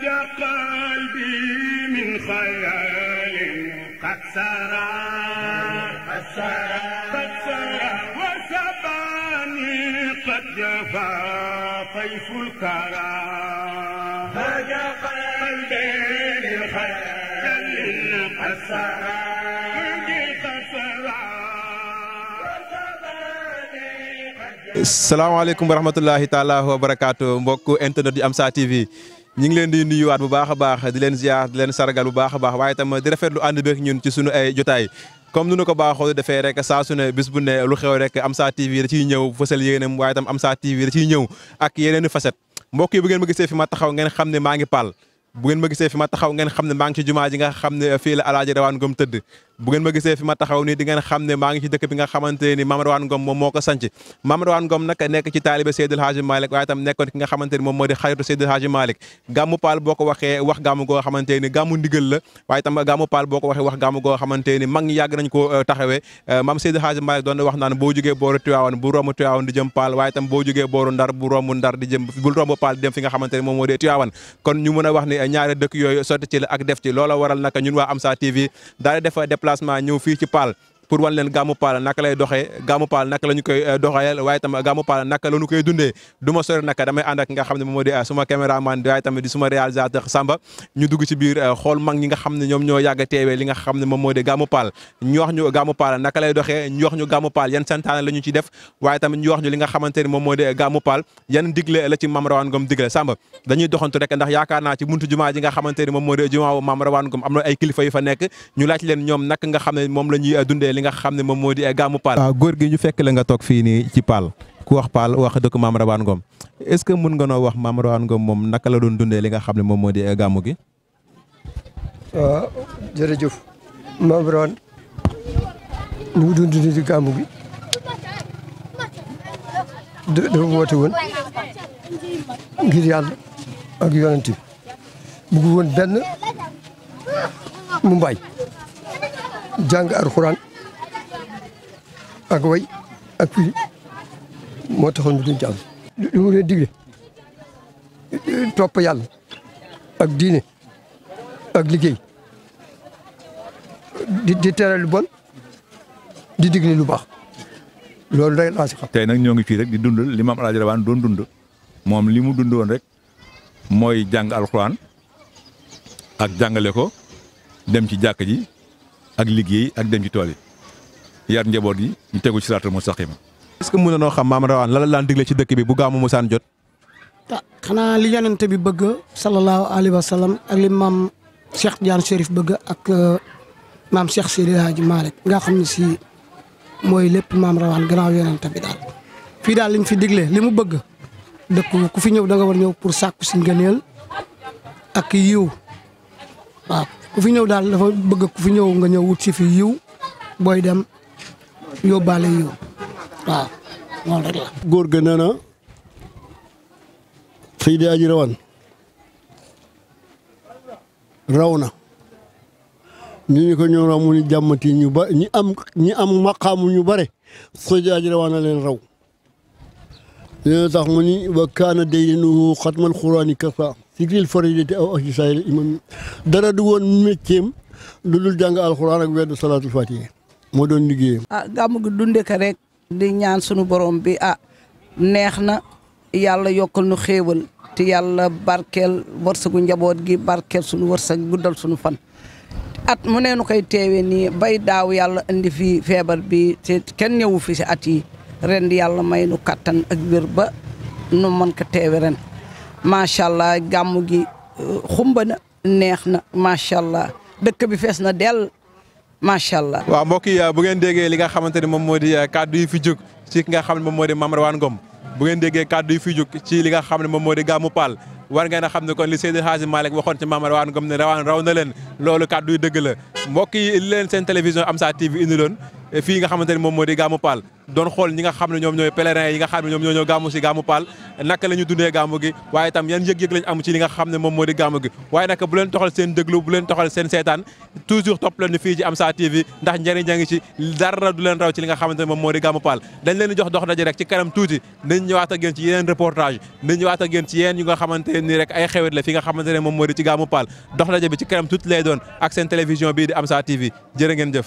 ضج قلبي من خيال قد سرى قد سرى قد سرى وسباني قد جفا طيف الكرى ضج قلبي من خيال قد سرى salaamaaleykum wa rahmatullahi taala wa barakaatu mbokk internet yu Amsa TV ñi ngi leen di nuyuwaat bu baax a baax di leen ziar di leen sargal bu baax a baax waaye itam di rafetlu ànd beeg ñun ci sunu ay jotaay comme nu nu ko baaxoo defee rek saa su ne bis bu ne lu xew rek Amsa TV da ciy ñëw fësal yéenam waaye am Amsa TV da ciy ñëw ak yeneen faset mbokk yi ngeen ma gisee fi ma taxaw ngeen xam ne maa ngi paal bu ma gisee fi ma taxaw ngeen xam ne maa ngi ci jumaa ji nga xam ne fii la alaaji rawaan gom tëdd bu ngeen ma gisee fi ma taxaw nii di ngeen xam ne maa ngi ci dëkk bi nga xamante ni Mame Rawane Ngom moom moo ko sanc Mame Rawane Ngom nag ci taalibe Seydil Hadji Malick waaye tam nekkoon ki nga xamante ni moom moo di xaritu Seydil Hadji paal boo ko waxee wax gàmmu goo xamante ni gàmmu ndigal la waaye tam gàmmu paal boo ko wax gàmmu goo xamante mag ñi yàgg nañ koo euh, taxawee euh, maam Seydil Hadji wax naan boo jógee booru Tiwaawan bu romb Tiwaawan di paal waaye tam boo jógee booru Ndar a wax ne déplacement ñëw fii ci Paal pour wan leen gàmmu paal naka lay doxee gàmmu paal naka la ñu koy euh, doxayal naka ma damay ànd ak nga xam ne moom moo di euh, euh, ñi nga xam ne ñoom ñoo yàgg a teewee li moom moo di gàmmu paal ñu wax ñu gàmmu paal yan moom moo di gàmmu paal yan digle la ci Mame Rawane Ngom digle Samba dañuy doxantu rek ndax yaakaar naa ci buntu jumaa ji nga moom moo jumaa Mame Rawane Ngom am na ay kilifa fa nekk ñu laaj leen ñoom naka nga xam ne moom la ñuy dundee li nga xam ne moom moo di gàmmu Paal. waaw ah, góor gi ñu fekk la nga toog fii nii ci Paal ku wax Paal wax dëkk Maam Rawaan Ngom est-ce que mun nga noo wax Maam Rawaan Ngom moom naka la doon dundee li nga xam ne moom moo di gàmmu gi. waaw ah, jërëjëf Maam gi dafa woote woon ngir yàlla ak yonent bi bëgg woon benn mu mbaay jàng alxuraan ak way ak firi moo taxoon ñu duñ ci am li mu leen digle topp yàlla ak diine ak liggéey di di tere lu bon di digle lu baax loolu rek laa si xam. tey nag ñoo ngi fii rek di dundal li maam El Hadj Rawane doon dund moom li mu dund woon rek mooy jàng alxuraan ak jàngale ko dem ci jàkk ji ak liggéey ak dem ci tool yi. yar njaboot yi ñu tegu ci siraatal que mën na noo xam maam Rawaan lan la daan digle ci dëkk bi bu gaamu musaan jot. ah bi bëgg sallallahu alayhi wa ak li maam Cheikh Diagne Chérif bëgg ak euh, maam Cheikh Seydi Hadji Malick si mooy lépp maam fii daal liñ fi digle li mu bëgg dëkk ku fi ñëw da nga pour sàkku si ngëneel ak yiw waaw ku fi ñëw daal dafa bëgg ku fi ñëw nga ñëw wut si fi yiw booy dem. yóbbaale yiw waaw moom ga nee na Seydi Aji raw na ñu ñu ko ñëw raw mu ni jàmmati ñu ba ñi am ñi am maqaamu ñu bare Seydi Aji Rawane na leen raw léen tax mu ni wa kaana nu xatmal xuraani kasa sigril faridati aw ak ci sayl imam dara du woon métiem lu dul jàng alxuraan ak weddu salaatul fatiha moo doon liggéeyam. ah gàmm gi dundee ko rek. di ñaan sunu borom bi ah neex na yàlla yokkal nu xéewal ti yàlla barkeel wërsëgu njaboot gi barkeel sunu wërsëg guddal sunu fan. at mu ne nu koy teewee nii bay daaw yàlla indi fi feebar bi kenn ñëwu fi si at yi ren yàlla may nu kattan ak wér ba nu mën ko teewee ren macha allah gàmm gi eh, xumba neex na macha allah dëkk bi fees na dell. macha allah. waaw mbokk yi bu ngeen déggee li nga xamante ne moom moo di eh, kàddu yi fi jóg ci ki nga xam ne moom moo di Mame Rawane Ngom bu ngeen yi fi jóg ci li nga xam ne moom moo di Gamou Paal war ngeen a xam ne kon li Seydi Hadji Malick waxoon ci Mame Rawane Ngom ne rawaan raw na leen loolu kàddu yi dëgg la mbokk yi leen seen télévision Amsa TV indi loon fii nga xamante ni moom moo di gàmmu paal doon xool ñi nga xam ne ñoom ñooy pèlerins yi nga ne ñoom ñoo ñoo gàmmu si gàmmu paal naka la ñu dundee gi waaye itam yan yëg-yëg lañ am ci li nga ne moom moo di gàmmu gi waaye nag bu leen toxal seen déglu bu leen toxal seen fii ci Amsa TV ndax njëriñ a ngi ci dara du leen raw ci li nga xamante ne moom moo di gàmmu paal dañ leen jox dox daje rek ci kanam tuuti nañ ñëwaat ak yéen ci yeneen reportage nañ ñëwaat ak yéen nga xamante ni rek ay xewet la fi nga xamante ne moom moo di ci gàmmu paal dox daje bi ci kanam tuuti lay doon ak seen télévision bii di Amsa TV jërë ngeen jëf